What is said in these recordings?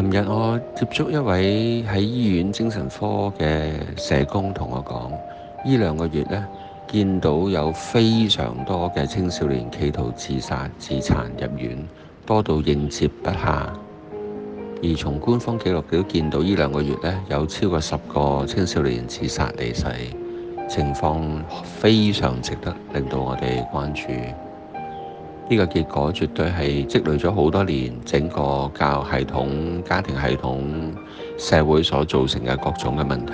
琴日我接觸一位喺醫院精神科嘅社工，同我講，呢兩個月呢，見到有非常多嘅青少年企圖自殺、自殘入院，多到應接不下。而從官方記錄都見到，呢兩個月呢，有超過十個青少年自殺離世，情況非常值得令到我哋關注。呢個結果絕對係積累咗好多年，整個教育系統、家庭系統、社會所造成嘅各種嘅問題。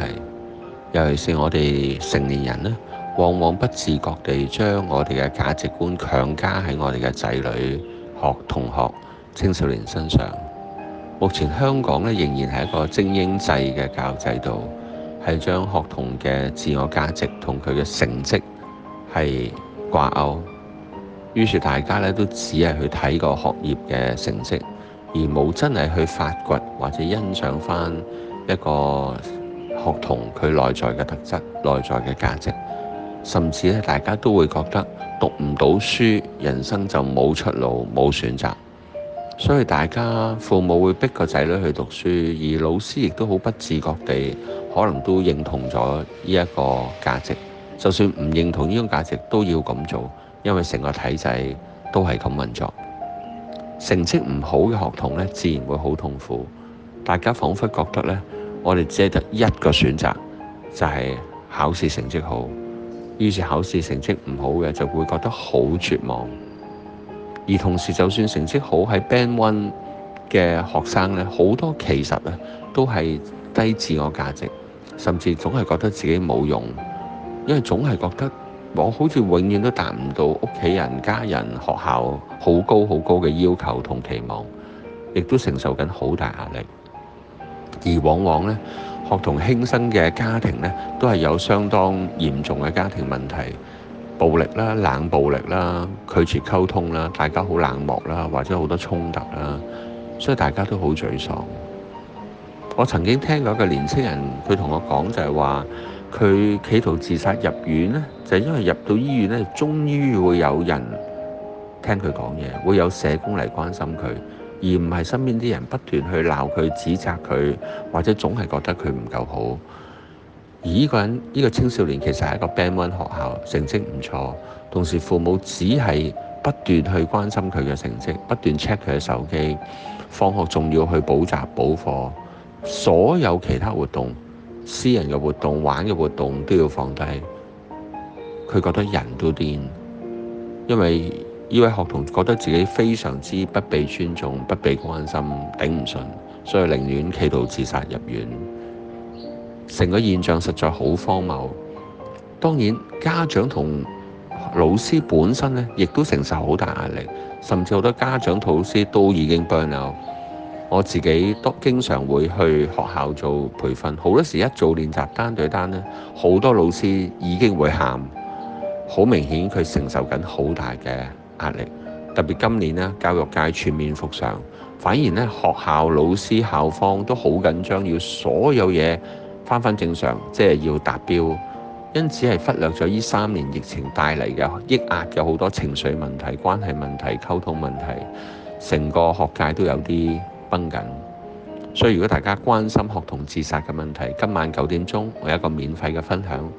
尤其是我哋成年人呢，往往不自覺地將我哋嘅價值觀強加喺我哋嘅仔女、學同學、青少年身上。目前香港呢，仍然係一個精英制嘅教育制度，係將學童嘅自我價值同佢嘅成績係掛鈎。於是大家咧都只係去睇個學業嘅成績，而冇真係去發掘或者欣賞返一個學童佢內在嘅特質、內在嘅價值。甚至咧，大家都會覺得讀唔到書，人生就冇出路、冇選擇。所以大家父母會逼個仔女去讀書，而老師亦都好不自覺地可能都認同咗呢一個價值。就算唔認同呢種價值，都要咁做。因為成個體制都係咁運作，成績唔好嘅學童咧，自然會好痛苦。大家仿佛覺得咧，我哋只係得一個選擇，就係考試成績好。於是考試成績唔好嘅就會覺得好絕望。而同時，就算成績好喺 Band One 嘅學生咧，好多其實啊都係低自我價值，甚至總係覺得自己冇用，因為總係覺得。我好似永遠都達唔到屋企人、家人、學校好高好高嘅要求同期望，亦都承受緊好大壓力。而往往呢，學童輕生嘅家庭呢，都係有相當嚴重嘅家庭問題，暴力啦、冷暴力啦、拒絕溝通啦、大家好冷漠啦，或者好多衝突啦，所以大家都好沮喪。我曾經聽過一個年輕人，佢同我講就係話：佢企圖自殺入院呢，就係、因為入到醫院呢，終於會有人聽佢講嘢，會有社工嚟關心佢，而唔係身邊啲人不斷去鬧佢、指責佢，或者總係覺得佢唔夠好。而呢個人、呢、呢個青少年其實係一個 band one 學校，成績唔錯，同時父母只係不斷去關心佢嘅成績，不斷 check 佢嘅手機，放學仲要去補習補課，所有其他活動，私人嘅活動、玩嘅活動都要放低。佢覺得人都癲，因為呢位學童覺得自己非常之不被尊重、不被關心，頂唔順，所以寧願企圖自殺入院。成個現象實在好荒謬。當然，家長同老師本身呢亦都承受好大壓力，甚至好多家長、老師都已經 burnout。我自己都經常會去學校做培訓，好多時一做練習單對單呢，好多老師已經會喊，好明顯佢承受緊好大嘅壓力。特別今年呢，教育界全面復常，反而呢，學校老師校方都好緊張，要所有嘢翻返正常，即係要達標。因此係忽略咗呢三年疫情帶嚟嘅抑壓，有好多情緒問題、關係問題、溝通問題，成個學界都有啲。所以如果大家關心學童自殺嘅問題，今晚九點鐘我有一個免費嘅分享，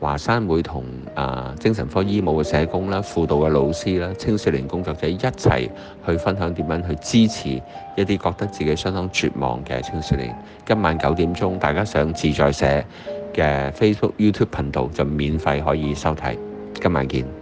華山會同啊、呃、精神科醫務嘅社工啦、輔導嘅老師啦、青少年工作者一齊去分享點樣去支持一啲覺得自己相當絕望嘅青少年。今晚九點鐘大家上自在社嘅 Facebook、YouTube 頻道就免費可以收睇。今晚見。